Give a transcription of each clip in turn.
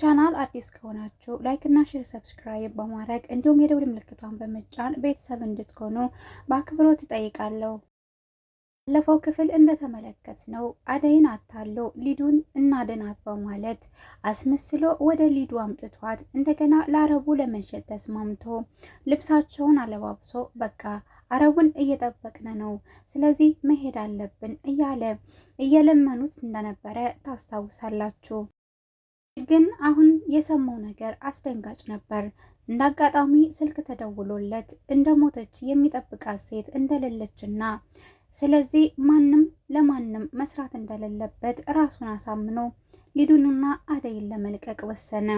ቻናል አዲስ ከሆናችሁ ላይክ እና ሼር ሰብስክራይብ በማድረግ እንዲሁም የደውል ምልክቷን በመጫን ቤተሰብ እንድትሆኑ በአክብሮት እጠይቃለሁ። ባለፈው ክፍል እንደተመለከት ነው አደይን አታሎ ሊዱን እናድናት በማለት አስመስሎ ወደ ሊዱ አምጥቷት እንደገና ለአረቡ ለመሸጥ ተስማምቶ ልብሳቸውን አለባብሶ በቃ አረቡን እየጠበቅን ነው፣ ስለዚህ መሄድ አለብን እያለ እየለመኑት እንደነበረ ታስታውሳላችሁ። ግን አሁን የሰማው ነገር አስደንጋጭ ነበር። እንደ አጋጣሚ ስልክ ተደውሎለት እንደ ሞተች የሚጠብቃት ሴት እንደሌለችና ስለዚህ ማንም ለማንም መስራት እንደሌለበት ራሱን አሳምኖ ሊዱንና አደይን ለመልቀቅ ወሰነ።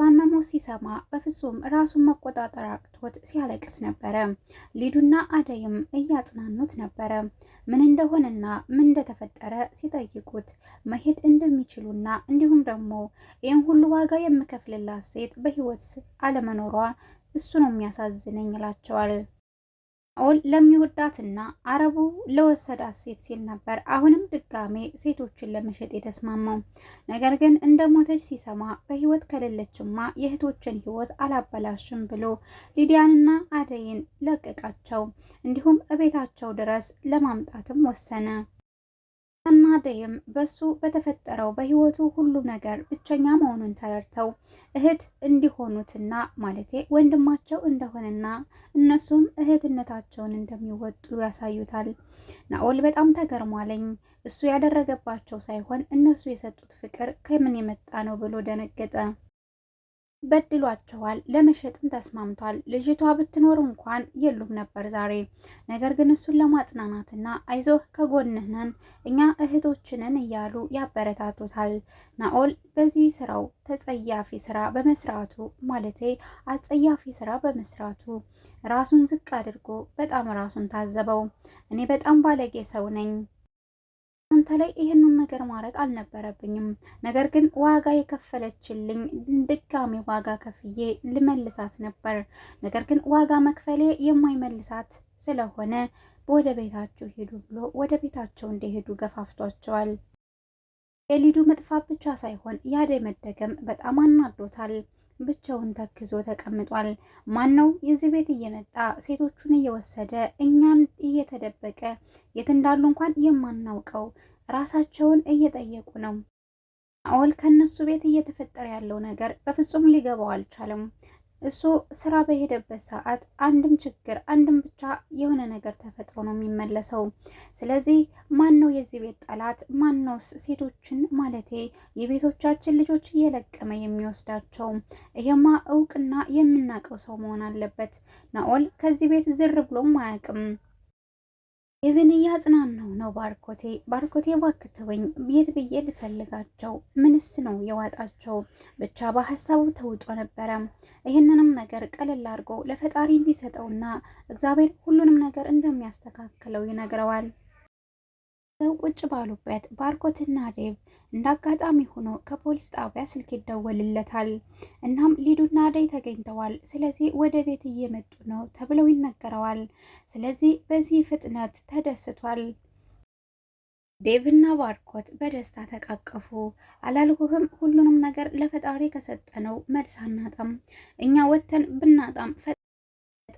የእሷን መሞት ሲሰማ በፍጹም ራሱን መቆጣጠር አቅቶት ሲያለቅስ ነበረ። ሊዱና አደይም እያጽናኑት ነበረ። ምን እንደሆነና ምን እንደተፈጠረ ሲጠይቁት መሄድ እንደሚችሉና እንዲሁም ደግሞ ይህን ሁሉ ዋጋ የምከፍልላት ሴት በህይወት አለመኖሯ እሱ ነው የሚያሳዝነኝ ይላቸዋል። አሁን ለሚወዳትና አረቡ ለወሰዳት ሴት ሲል ነበር አሁንም ድጋሜ ሴቶችን ለመሸጥ የተስማማው። ነገር ግን እንደ ሞተች ሲሰማ በህይወት ከሌለችማ የእህቶችን ህይወት አላበላሽም ብሎ ሊዲያንና አደይን ለቀቃቸው። እንዲሁም እቤታቸው ድረስ ለማምጣትም ወሰነ። እና አደይም በሱ በተፈጠረው በህይወቱ ሁሉ ነገር ብቸኛ መሆኑን ተረድተው እህት እንዲሆኑትና ማለቴ ወንድማቸው እንደሆነና እነሱም እህትነታቸውን እንደሚወጡ ያሳዩታል። ናኦል በጣም ተገርሟለኝ። እሱ ያደረገባቸው ሳይሆን እነሱ የሰጡት ፍቅር ከምን የመጣ ነው ብሎ ደነገጠ። በድሏቸዋል። ለመሸጥም ተስማምቷል። ልጅቷ ብትኖር እንኳን የሉም ነበር ዛሬ። ነገር ግን እሱን ለማጽናናትና አይዞህ ከጎንህ ነን እኛ እህቶችንን እያሉ ያበረታቱታል። ናኦል በዚህ ስራው ተጸያፊ ስራ በመስራቱ ማለቴ አጸያፊ ስራ በመስራቱ ራሱን ዝቅ አድርጎ በጣም ራሱን ታዘበው። እኔ በጣም ባለጌ ሰው ነኝ አንተ ላይ ይህንን ነገር ማድረግ አልነበረብኝም። ነገር ግን ዋጋ የከፈለችልኝ ድጋሚ ዋጋ ከፍዬ ልመልሳት ነበር። ነገር ግን ዋጋ መክፈሌ የማይመልሳት ስለሆነ ወደ ቤታቸው ሄዱ ብሎ ወደ ቤታቸው እንዲሄዱ ገፋፍቷቸዋል። የሊዱ መጥፋት ብቻ ሳይሆን መደገም በጣም አናዶታል። ብቻውን ተክዞ ተቀምጧል። ማን ነው የዚህ ቤት እየመጣ ሴቶቹን እየወሰደ እኛን እየተደበቀ የት እንዳሉ እንኳን የማናውቀው ራሳቸውን እየጠየቁ ነው። አወል ከነሱ ቤት እየተፈጠረ ያለው ነገር በፍጹም ሊገባው አልቻለም። እሱ ስራ በሄደበት ሰዓት አንድም ችግር አንድም ብቻ የሆነ ነገር ተፈጥሮ ነው የሚመለሰው። ስለዚህ ማን ነው የዚህ ቤት ጠላት? ማን ነውስ ሴቶችን ማለቴ የቤቶቻችን ልጆች እየለቀመ የሚወስዳቸው? ይሄማ እውቅና የምናውቀው ሰው መሆን አለበት። ናኦል ከዚህ ቤት ዝር ብሎም አያውቅም። ኢቭን እያጽናነው ነው ባርኮቴ። ባርኮቴ እባክህ ተወኝ፣ ቤት ብዬ ልፈልጋቸው ምንስ ነው የዋጣቸው? ብቻ በሀሳቡ ተውጦ ነበረ። ይህንንም ነገር ቀለል አድርጎ ለፈጣሪ እንዲሰጠውና እግዚአብሔር ሁሉንም ነገር እንደሚያስተካክለው ይነግረዋል። ሰው ቁጭ ባሉበት ባርኮትና ዴቭ እንዳጋጣሚ ሆኖ ከፖሊስ ጣቢያ ስልክ ይደወልለታል። እናም ሊዱና አደይ ተገኝተዋል፣ ስለዚህ ወደ ቤት እየመጡ ነው ተብለው ይነገረዋል። ስለዚህ በዚህ ፍጥነት ተደስቷል። ዴቭና ባርኮት በደስታ ተቃቀፉ። አላልኩህም? ሁሉንም ነገር ለፈጣሪ ከሰጠነው መልስ አናጣም። እኛ ወተን ብናጣም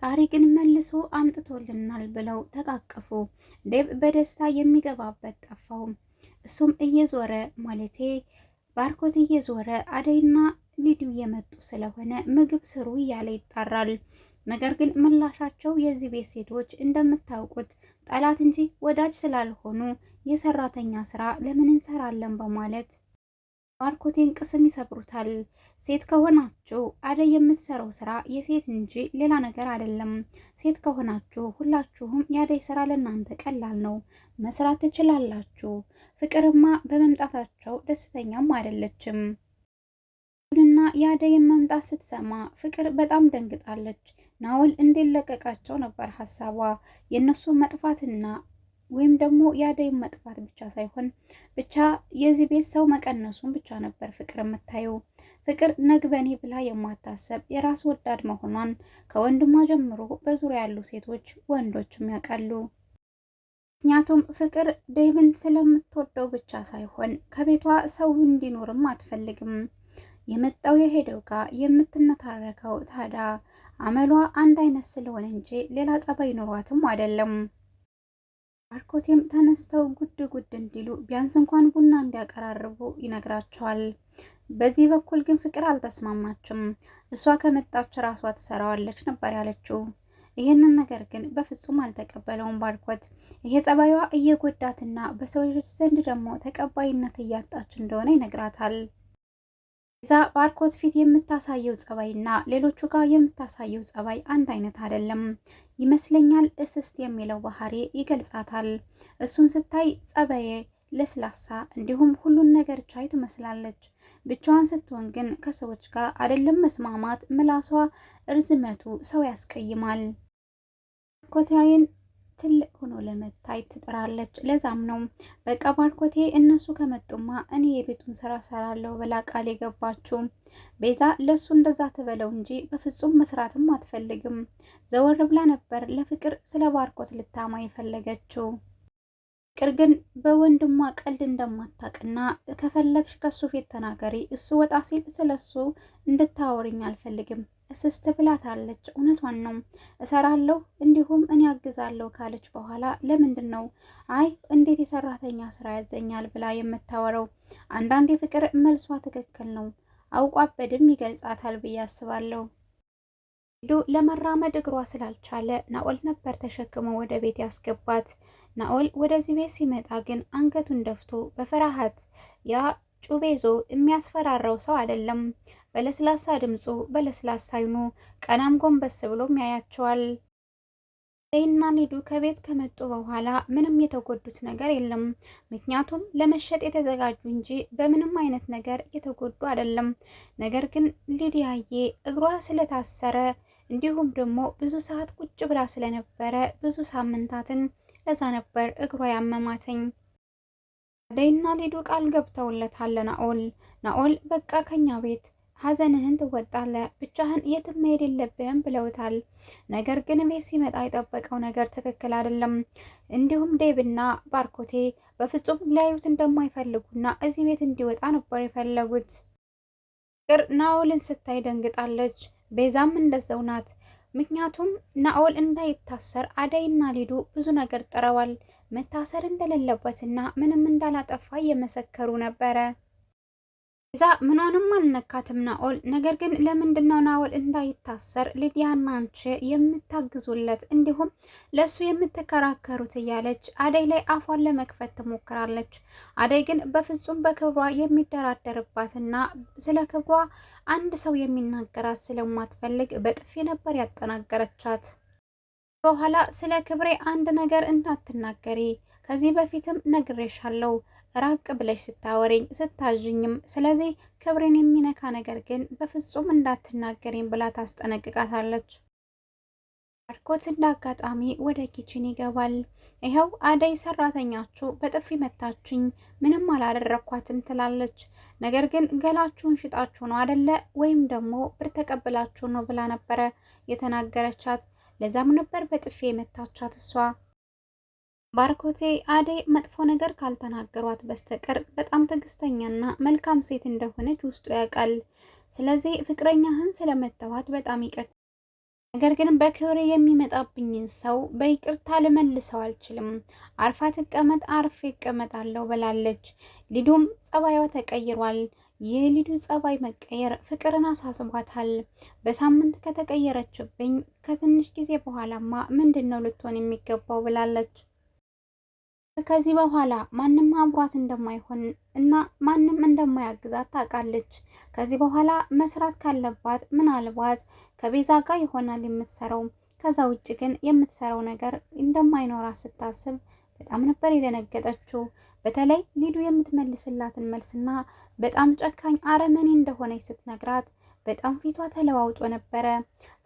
ፈጣሪ ግን መልሶ አምጥቶልናል ብለው ተቃቀፉ። ዴብ በደስታ የሚገባበት ጠፋው። እሱም እየዞረ ማለቴ ባርኮት እየዞረ አደይና ሊዱ የመጡ ስለሆነ ምግብ ስሩ እያለ ይጣራል። ነገር ግን ምላሻቸው የዚህ ቤት ሴቶች እንደምታውቁት ጠላት እንጂ ወዳጅ ስላልሆኑ የሰራተኛ ስራ ለምን እንሰራለን በማለት ባርኮቴን ቅስም ይሰብሩታል። ሴት ከሆናችሁ አደይ የምትሰራው ስራ የሴት እንጂ ሌላ ነገር አይደለም። ሴት ከሆናችሁ ሁላችሁም የአደይ ስራ ለእናንተ ቀላል ነው፣ መስራት ትችላላችሁ። ፍቅርማ በመምጣታቸው ደስተኛም አይደለችም። ሁንና የአደይን መምጣት ስትሰማ ፍቅር በጣም ደንግጣለች። ናውል እንዲለቀቃቸው ነበር ሀሳቧ። የእነሱ መጥፋትና ወይም ደግሞ የአደይ መጥፋት ብቻ ሳይሆን ብቻ የዚህ ቤት ሰው መቀነሱን ብቻ ነበር ፍቅር የምታየው። ፍቅር ነግበኔ ብላ የማታሰብ የራስ ወዳድ መሆኗን ከወንድሟ ጀምሮ በዙሪያ ያሉ ሴቶች ወንዶችም ያውቃሉ። ምክንያቱም ፍቅር ዴቭን ስለምትወደው ብቻ ሳይሆን ከቤቷ ሰው እንዲኖርም አትፈልግም። የመጣው የሄደው ጋር የምትነታረከው ታዳ አመሏ አንድ አይነት ስለሆነ እንጂ ሌላ ጸባይ ኖሯትም አይደለም። ባርኮቴም ተነስተው ጉድ ጉድ እንዲሉ ቢያንስ እንኳን ቡና እንዲያቀራርቡ ይነግራቸዋል። በዚህ በኩል ግን ፍቅር አልተስማማችም። እሷ ከመጣች ራሷ ትሰራዋለች ነበር ያለችው። ይህንን ነገር ግን በፍጹም አልተቀበለውም ባርኮት። ይሄ ጸባዩዋ እየጎዳትና በሰዎች ዘንድ ደግሞ ተቀባይነት እያጣች እንደሆነ ይነግራታል። ቤዛ ባርኮት ፊት የምታሳየው ጸባይና ሌሎቹ ጋር የምታሳየው ጸባይ አንድ አይነት አይደለም ይመስለኛል። እስስት የሚለው ባህሪ ይገልጻታል። እሱን ስታይ ጸባዬ ለስላሳ፣ እንዲሁም ሁሉን ነገር ቻይ ትመስላለች። ብቻዋን ስትሆን ግን ከሰዎች ጋር አይደለም መስማማት፣ ምላሷ እርዝመቱ ሰው ያስቀይማል። ባርኮታይን ትልቅ ሆኖ ለመታይ ትጥራለች። ለዛም ነው በቃ ባርኮቴ እነሱ ከመጡማ እኔ የቤቱን ስራ ሰራለሁ ብላ ቃል የገባችው። ቤዛ ለሱ እንደዛ ትበለው እንጂ በፍጹም መስራትም አትፈልግም። ዘወር ብላ ነበር ለፍቅር ስለ ባርኮት ልታማ የፈለገችው። ፍቅር ግን በወንድሟ ቀልድ እንደማታቅና ከፈለግሽ ከሱ ፊት ተናገሪ፣ እሱ ወጣ ሲል ስለ እሱ እንድታወሪኝ አልፈልግም እስስት ብላታለች። እውነቷን ነው። እሰራለሁ እንዲሁም እኔ አግዛለሁ ካለች በኋላ ለምንድን ነው አይ እንዴት የሰራተኛ ስራ ያዘኛል ብላ የምታወረው? አንዳንዴ ፍቅር መልሷ ትክክል ነው። አውቋ በድም ይገልጻታል ብዬ አስባለሁ። ዱ ለመራመድ እግሯ ስላልቻለ ናኦል ነበር ተሸክሞ ወደ ቤት ያስገባት። ናኦል ወደዚህ ቤት ሲመጣ ግን አንገቱን ደፍቶ በፍርሃት ያ ጩቤ ይዞ የሚያስፈራራው ሰው አይደለም። በለስላሳ ድምፁ በለስላሳ አይኑ ቀናም ጎንበስ ብሎም ያያቸዋል። ሌና ሊዱ ከቤት ከመጡ በኋላ ምንም የተጎዱት ነገር የለም። ምክንያቱም ለመሸጥ የተዘጋጁ እንጂ በምንም አይነት ነገር የተጎዱ አይደለም። ነገር ግን ሊዲያዬ እግሯ ስለታሰረ እንዲሁም ደግሞ ብዙ ሰዓት ቁጭ ብላ ስለነበረ ብዙ ሳምንታትን ለዛ ነበር እግሯ ያመማተኝ። አደይና ሊዱ ቃል ገብተውለታል ለናኦል። ናኦል በቃ ከኛ ቤት ሀዘንህን ትወጣለ፣ ብቻህን የትም መሄድ የለብህም ብለውታል። ነገር ግን ቤት ሲመጣ የጠበቀው ነገር ትክክል አይደለም። እንዲሁም ዴብና ባርኮቴ በፍጹም ሊያዩት እንደማይፈልጉና እዚህ ቤት እንዲወጣ ነበር የፈለጉት። ፍቅር ናኦልን ስታይ ደንግጣለች። ቤዛም እንደዛው ናት። ምክንያቱም ናኦል እንዳይታሰር አደይና ሊዱ ብዙ ነገር ጥረዋል። መታሰር እንደሌለበትና ምንም እንዳላጠፋ እየመሰከሩ ነበረ። እዛ ምኗንም አልነካትም ናኦል። ነገር ግን ለምንድን ነው ናኦል እንዳይታሰር ልዲያና አንቺ የምታግዙለት እንዲሁም ለእሱ የምትከራከሩት እያለች አደይ ላይ አፏን ለመክፈት ትሞክራለች። አደይ ግን በፍጹም በክብሯ የሚደራደርባትና ስለ ክብሯ አንድ ሰው የሚናገራት ስለማትፈልግ በጥፊ ነበር ያጠናገረቻት። በኋላ ስለ ክብሬ አንድ ነገር እንዳትናገሪ ከዚህ በፊትም ነግሬሻለሁ ራቅ ብለሽ ስታወሪኝ ስታዥኝም፣ ስለዚህ ክብሬን የሚነካ ነገር ግን በፍጹም እንዳትናገሪኝ ብላ ታስጠነቅቃታለች። ባርኮት እንዳጋጣሚ ወደ ኪችን ይገባል። ይኸው አደይ ሰራተኛችሁ በጥፊ መታችኝ፣ ምንም አላደረኳትም ትላለች። ነገር ግን ገላችሁን ሽጣችሁ ነው አደለ ወይም ደግሞ ብር ተቀብላችሁ ነው ብላ ነበረ የተናገረቻት። ለዛም ነበር በጥፊ የመታቻት እሷ ባርኮቴ አደይ መጥፎ ነገር ካልተናገሯት በስተቀር በጣም ትዕግስተኛና መልካም ሴት እንደሆነች ውስጡ ያውቃል። ስለዚህ ፍቅረኛህን ስለመተዋት በጣም ይቅርታ፣ ነገር ግን በክብሬ የሚመጣብኝን ሰው በይቅርታ ልመልሰው አልችልም። አርፋ ትቀመጥ፣ አርፍ ይቀመጣለሁ ብላለች። ሊዱም ጸባይዋ ተቀይሯል። የሊዱ ጸባይ መቀየር ፍቅርን አሳስቧታል። በሳምንት ከተቀየረችብኝ ከትንሽ ጊዜ በኋላማ ምንድን ነው ልትሆን የሚገባው ብላለች። ከዚህ በኋላ ማንም አብሯት እንደማይሆን እና ማንም እንደማያግዛት ታውቃለች። ከዚህ በኋላ መስራት ካለባት ምናልባት ከቤዛ ጋር ይሆናል የምትሰራው። ከዛ ውጭ ግን የምትሰራው ነገር እንደማይኖራት ስታስብ በጣም ነበር የደነገጠችው። በተለይ ሊዱ የምትመልስላትን መልስና በጣም ጨካኝ አረመኔ እንደሆነች ስትነግራት በጣም ፊቷ ተለዋውጦ ነበረ።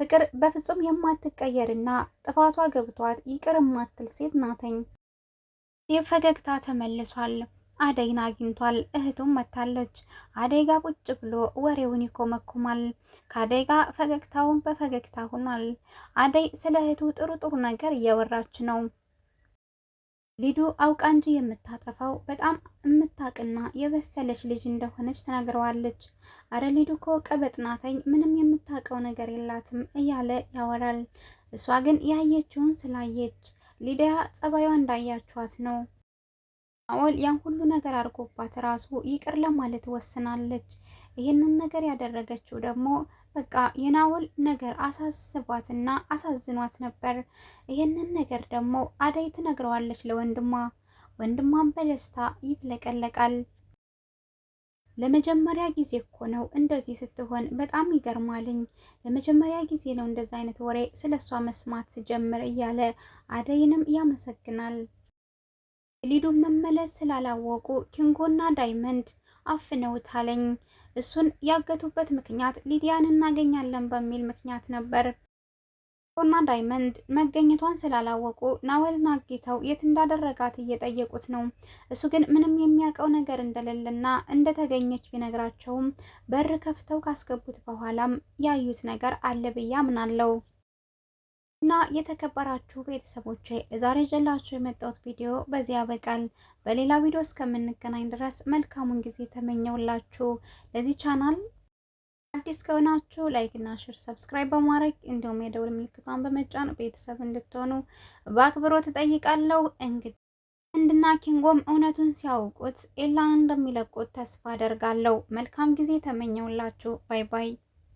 ፍቅር በፍጹም የማትቀየርና ጥፋቷ ገብቷት ይቅር የማትል ሴት ናተኝ። ፈገግታ ተመልሷል። አደይን አግኝቷል። እህቱም መታለች። አደይ ጋ ቁጭ ብሎ ወሬውን ይኮመኩማል። ከአደይ ጋ ፈገግታውን በፈገግታ ሆኗል። አደይ ስለ እህቱ ጥሩ ጥሩ ነገር እያወራች ነው። ሊዱ አውቃ እንጂ የምታጠፋው በጣም የምታቅና የበሰለች ልጅ እንደሆነች ተናግረዋለች። አረ ሊዱ እኮ ቀበጥ ናተኝ ምንም የምታውቀው ነገር የላትም እያለ ያወራል። እሷ ግን ያየችውን ስላየች ሊዲያ ጸባይዋ እንዳያችኋት ነው። ናኦል ያን ሁሉ ነገር አድርጎባት ራሱ ይቅር ለማለት ወስናለች። ይህንን ነገር ያደረገችው ደግሞ በቃ የናውል ነገር አሳስቧትና አሳዝኗት ነበር። ይህንን ነገር ደግሞ አደይ ትነግረዋለች ለወንድሟ። ወንድሟም በደስታ ይፍለቀለቃል። ለመጀመሪያ ጊዜ እኮ ነው እንደዚህ ስትሆን በጣም ይገርማልኝ። ለመጀመሪያ ጊዜ ነው እንደዚ አይነት ወሬ ስለ እሷ መስማት ስጀምር እያለ አደይንም ያመሰግናል። ሊዱን መመለስ ስላላወቁ ኪንጎና ዳይመንድ አፍነውታለኝ። እሱን ያገቱበት ምክንያት ሊዲያን እናገኛለን በሚል ምክንያት ነበር። እና ዳይመንድ መገኘቷን ስላላወቁ ናወልን አግተው የት እንዳደረጋት እየጠየቁት ነው። እሱ ግን ምንም የሚያውቀው ነገር እንደሌለና እንደተገኘች ቢነግራቸውም በር ከፍተው ካስገቡት በኋላም ያዩት ነገር አለ ብዬ አምናለሁ። እና የተከበራችሁ ቤተሰቦቼ ዛሬ ጀላችሁ የመጣሁት ቪዲዮ በዚህ ያበቃል። በሌላ ቪዲዮ እስከምንገናኝ ድረስ መልካሙን ጊዜ ተመኘውላችሁ። ለዚህ ቻናል አዲስ ከሆናችሁ ላይክ እና ሼር ሰብስክራይብ በማድረግ እንዲሁም የደውል ምልክቷን በመጫን ቤተሰብ እንድትሆኑ በአክብሮት እጠይቃለሁ። እንግዲህ ህንድና ኪንጎም እውነቱን ሲያውቁት ኤላን እንደሚለቁት ተስፋ አደርጋለሁ። መልካም ጊዜ ተመኘውላችሁ። ባይ ባይ።